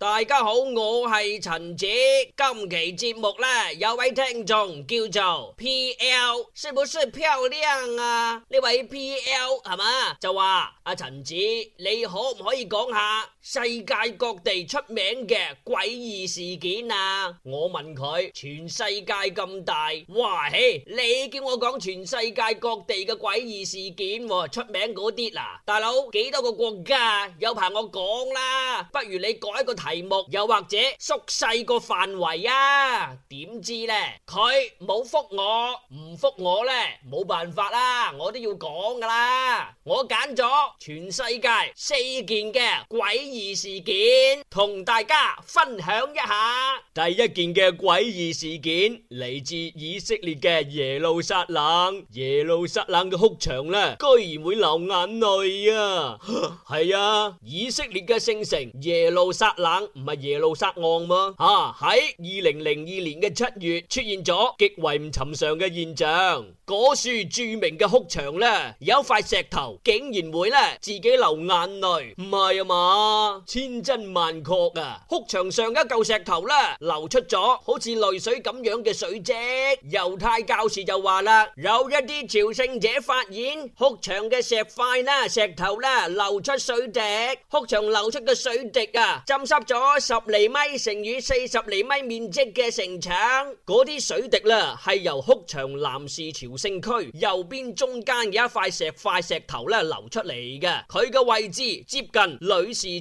大家好，我係陳子，今期節目呢，有位聽眾叫做 PL，是不是漂亮啊？呢位 PL 係嘛，就話阿陳子，你可唔可以講下，世界各地出名嘅詭異事件啊！我問佢，全世界咁大，哇嘿，你叫我講全世界各地嘅詭異事件，啊，出名嗰啲啦，大佬幾多個國家有排我講啦，不如你改個題目，又或者縮細個範圍啊？點知咧，佢冇覆我，唔覆我咧，冇辦法啦，我都要講噶啦，我揀咗全世界四件嘅鬼。異事件同大家分享一下，第一件嘅詭異事件嚟自以色列嘅耶路撒冷。耶路撒冷嘅哭牆咧，居然會流眼淚啊！係啊，以色列嘅聖城耶路撒冷唔係耶路撒冷嘛？啊，喺二零零二年嘅七月出現咗極為唔尋常嘅現象，嗰處著名嘅哭牆咧，有塊石頭竟然會咧自己流眼淚，唔係啊嘛？千真萬確啊！哭牆上一舊石頭啦，流出咗好似淚水咁樣嘅水跡。猶太教士就話啦，有一啲朝聖者發現哭牆嘅石塊啦、石頭啦流出水滴，哭牆流出嘅水滴啊，浸濕咗十厘米乘以四十厘米面積嘅城牆。嗰啲水滴啦，係由哭牆男士朝聖區右邊中間嘅一塊石塊石頭咧流出嚟嘅，佢嘅位置接近女士。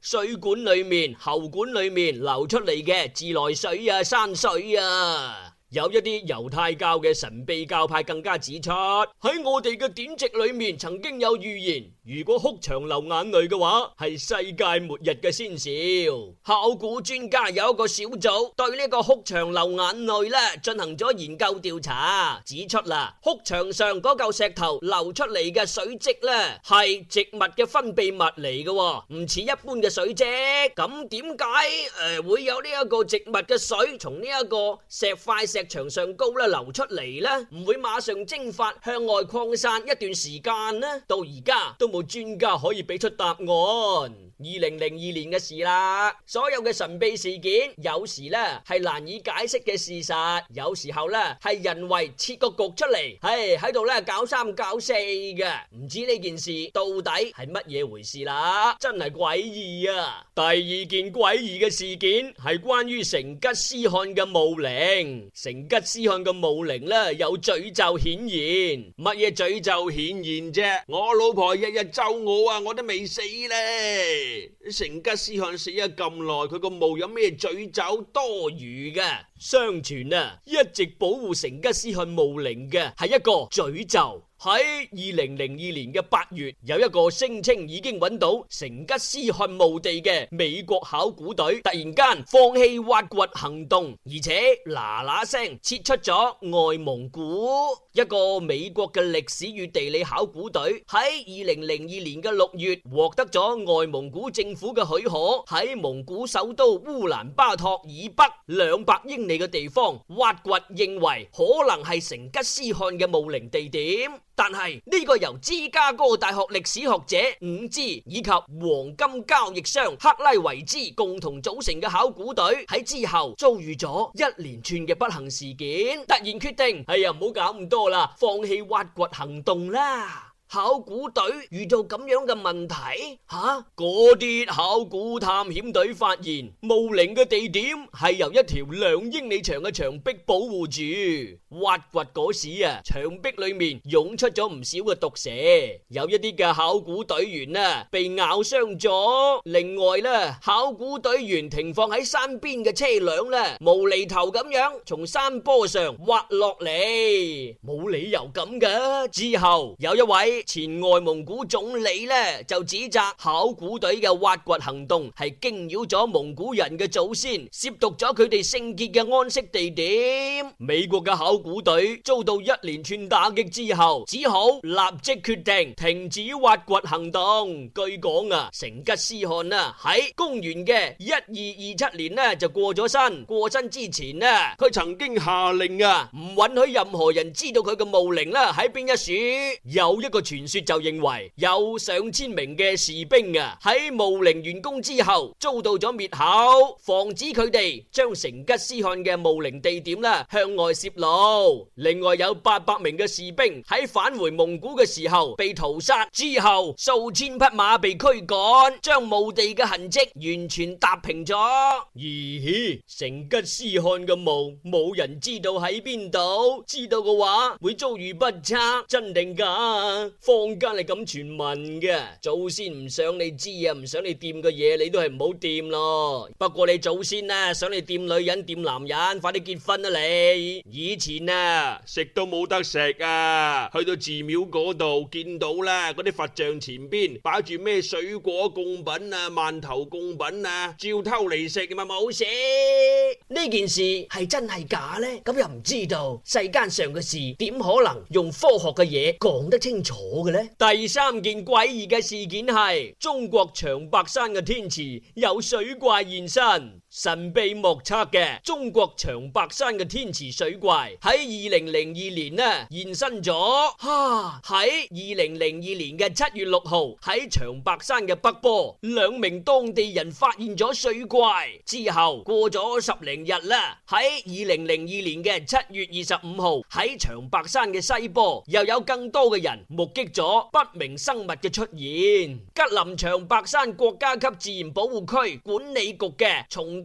水管裏面、喉管裏面流出嚟嘅自來水啊、山水啊。有一啲猶太教嘅神秘教派更加指出，喺我哋嘅典籍裏面曾經有預言，如果哭牆流眼淚嘅話，係世界末日嘅先兆。考古專家有一個小組對呢個哭牆流眼淚咧進行咗研究調查，指出啦，哭牆上嗰嚿石頭流出嚟嘅水跡咧係植物嘅分泌物嚟嘅，唔似一般嘅水跡。咁點解誒會有呢一個植物嘅水從呢一個石塊石？石牆上高咧流出嚟咧，唔會馬上蒸發向外擴散一段時間咧，到而家都冇專家可以俾出答案。二零零二年嘅事啦，所有嘅神秘事件，有時呢係難以解釋嘅事實，有時候呢係人為設個局出嚟，係喺度咧搞三搞四嘅，唔知呢件事到底係乜嘢回事啦，真係詭異啊！第二件詭異嘅事件係關於成吉思汗嘅墓陵，成吉思汗嘅墓陵呢，有詛咒顯現，乜嘢詛咒顯現啫？我老婆日日咒我啊，我都未死呢。成吉思汗死咗咁耐，佢個墓有咩詛咒多餘噶？相傳啊，一直保護成吉思汗墓陵嘅係一個詛咒。喺二零零二年嘅八月，有一個聲稱已經揾到成吉思汗墓地嘅美國考古隊，突然間放棄挖掘行動，而且嗱嗱聲撤出咗外蒙古。一個美國嘅歷史與地理考古隊喺二零零二年嘅六月，獲得咗外蒙古政府嘅許可，喺蒙古首都烏蘭巴托以北兩百英里嘅地方挖掘，認為可能係成吉思汗嘅墓陵地點。但係呢個由芝加哥大學歷史學者伍茲以及黃金交易商克拉維茲共同組成嘅考古隊喺之後遭遇咗一連串嘅不幸事件，突然決定，哎呀，唔好搞咁多啦，放棄挖掘行動啦。考古隊遇到咁樣嘅問題吓，嗰啲考古探險隊發現墓陵嘅地點係由一條兩英里長嘅牆壁保護住。挖掘嗰時啊，牆壁裏面湧出咗唔少嘅毒蛇，有一啲嘅考古隊員啊被咬傷咗。另外呢，考古隊員停放喺山邊嘅車輛呢，無厘頭咁樣從山坡上挖落嚟，冇理由咁㗎。之後有一位。前外蒙古總理呢就指責考古隊嘅挖掘行動係驚擾咗蒙古人嘅祖先，褻瀆咗佢哋聖潔嘅安息地點。美國嘅考古隊遭到一連串打擊之後，只好立即決定停止挖掘行動。據講啊，成吉思汗啊喺公元嘅一二二七年呢就過咗身，過身之前呢，佢曾經下令啊唔允許任何人知道佢嘅墓陵啦喺邊一樹有一個。傳說就認為有上千名嘅士兵啊，喺墓陵完工之後遭到咗滅口，防止佢哋將成吉思汗嘅墓陵地點啦向外泄露。另外有八百名嘅士兵喺返回蒙古嘅時候被屠殺，之後數千匹馬被驅趕，將墓地嘅痕迹完全踏平咗。咦,咦，成吉思汗嘅墓冇人知道喺邊度？知道嘅話會遭遇不測，真定假？坊間係咁傳聞嘅，祖先唔想你知啊，唔想你掂嘅嘢，你都係唔好掂咯。不過你祖先呢、啊，想你掂女人掂男人，快啲結婚啦、啊、你。以前啊，食都冇得食啊，去到寺廟嗰度見到啦，嗰啲佛像前邊擺住咩水果供品啊、饅頭供品啊，照偷嚟食咪冇事。呢件事係真係假的呢？咁又唔知道。世間上嘅事點可能用科學嘅嘢講得清楚？我嘅咧，第三件詭異嘅事件係中國長白山嘅天池有水怪現身。神秘莫測嘅中國長白山嘅天池水怪喺二零零二年呢現身咗，哈喺二零零二年嘅七月六號喺長白山嘅北坡，兩名當地人發現咗水怪之後，過咗十零日啦，喺二零零二年嘅七月二十五號喺長白山嘅西坡，又有更多嘅人目擊咗不明生物嘅出現。吉林長白山國家級自然保護區管理局嘅從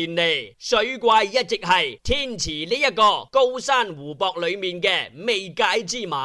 年嚟，水怪一直係天池呢一個高山湖泊裏面嘅未解之謎。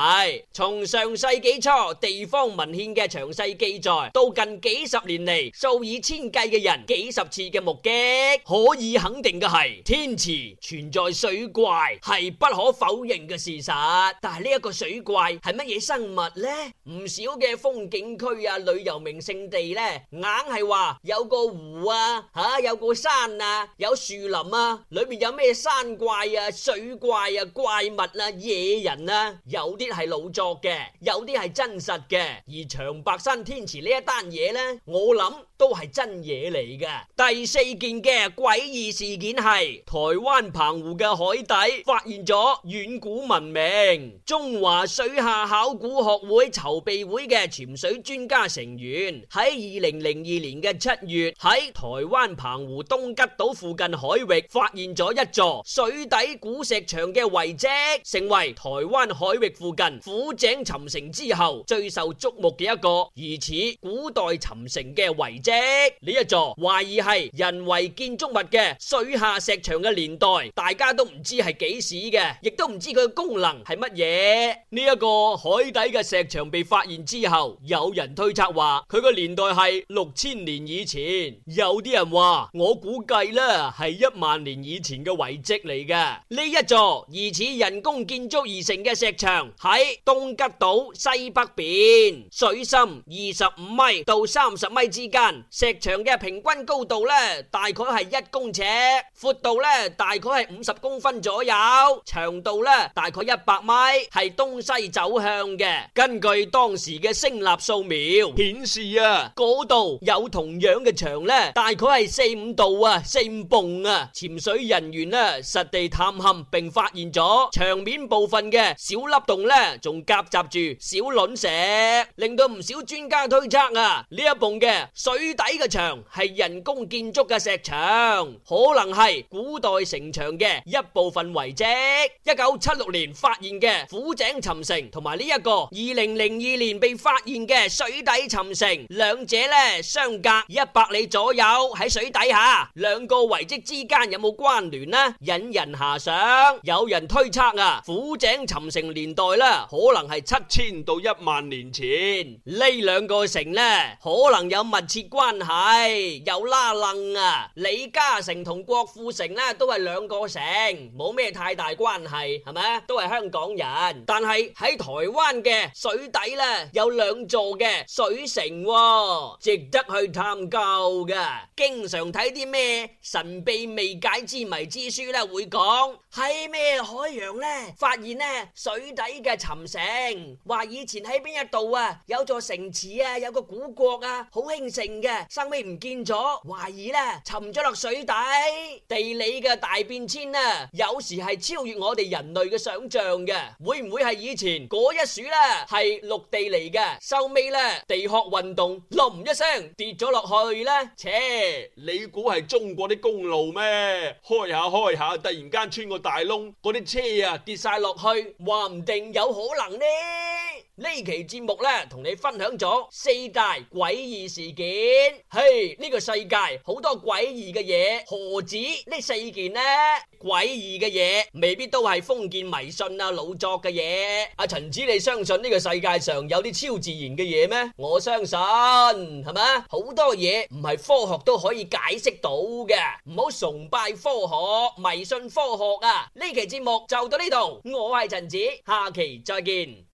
從上世紀初地方文獻嘅詳細記載，到近幾十年嚟數以千計嘅人幾十次嘅目擊，可以肯定嘅係天池存在水怪係不可否認嘅事實。但係呢一個水怪係乜嘢生物呢？唔少嘅風景區啊，旅遊名勝地呢，硬係話有個湖啊，吓、啊、有個山啊。有樹林啊，裏面有咩山怪啊、水怪啊、怪物啊、野人啊，有啲係老作嘅，有啲係真實嘅。而長白山天池呢一單嘢呢，我諗。都係真嘢嚟嘅。第四件嘅詭異事件係台灣澎湖嘅海底發現咗遠古文明。中華水下考古學會籌備會嘅潛水專家成員喺二零零二年嘅七月喺台灣澎湖東吉島附近海域發現咗一座水底古石牆嘅遺跡，成為台灣海域附近虎井沉城之後最受矚目嘅一個。疑似古代沉城嘅遺即呢一座懷疑係人為建築物嘅水下石牆嘅年代，大家都唔知係幾時嘅，亦都唔知佢嘅功能係乜嘢。呢一個海底嘅石牆被發現之後，有人推測話佢嘅年代係六千年以前。有啲人話我估計啦，係一萬年以前嘅遺迹嚟嘅。呢一座疑似人工建築而成嘅石牆喺東吉島西北邊，水深二十五米到三十米之間。石牆嘅平均高度咧，大概係一公尺，闊度咧，大概係五十公分左右，長度咧，大概一百米，係東西走向嘅。根據當時嘅聲納掃描顯示啊，嗰度有同樣嘅牆咧，大概係四五度啊，四五埲啊。潛水人員咧，實地探勘並發現咗牆面部分嘅小凹洞咧，仲夾雜住小卵石，令到唔少專家推測啊，呢一埲嘅水。水底嘅牆係人工建築嘅石牆，可能係古代城牆嘅一部分遺迹。一九七六年發現嘅虎井沉城，同埋呢一個二零零二年被發現嘅水底沉城，兩者咧相隔一百里左右喺水底下，兩個遺迹之間有冇關聯呢？引人遐想。有人推測啊，虎井沉城年代呢，可能係七千到一萬年前。呢兩個城咧，可能有密切。關係有拉楞啊！李嘉誠同郭富城呢都係兩個城，冇咩太大關係，係咪啊？都係香港人。但係喺台灣嘅水底呢，有兩座嘅水城，值得去探究㗎。經常睇啲咩神秘未解之謎之書呢，會講喺咩海洋呢發現呢水底嘅沉城，話以前喺邊一度啊有座城池啊，有個古國啊好興盛。生尾唔見咗？懷疑咧沉咗落水底。地理嘅大變遷啊，有時係超越我哋人類嘅想象嘅。會唔會係以前嗰一處咧係陸地嚟嘅？收尾咧地殼運動隆一聲跌咗落去咧。唓，你估係中國啲公路咩？開下開下，突然間穿個大窿，嗰啲車啊跌晒落去，話唔定有可能呢。呢期節目呢，同你分享咗四大詭異事件。嘿，呢個世界好多詭異嘅嘢，何止呢四件呢？詭異嘅嘢未必都係封建迷信啊，老作嘅嘢。阿陳子，你相信呢個世界上有啲超自然嘅嘢咩？我相信係咪啊？好多嘢唔係科學都可以解釋到嘅，唔好崇拜科學，迷信科學啊！呢期節目就到呢度，我係陳子，下期再見。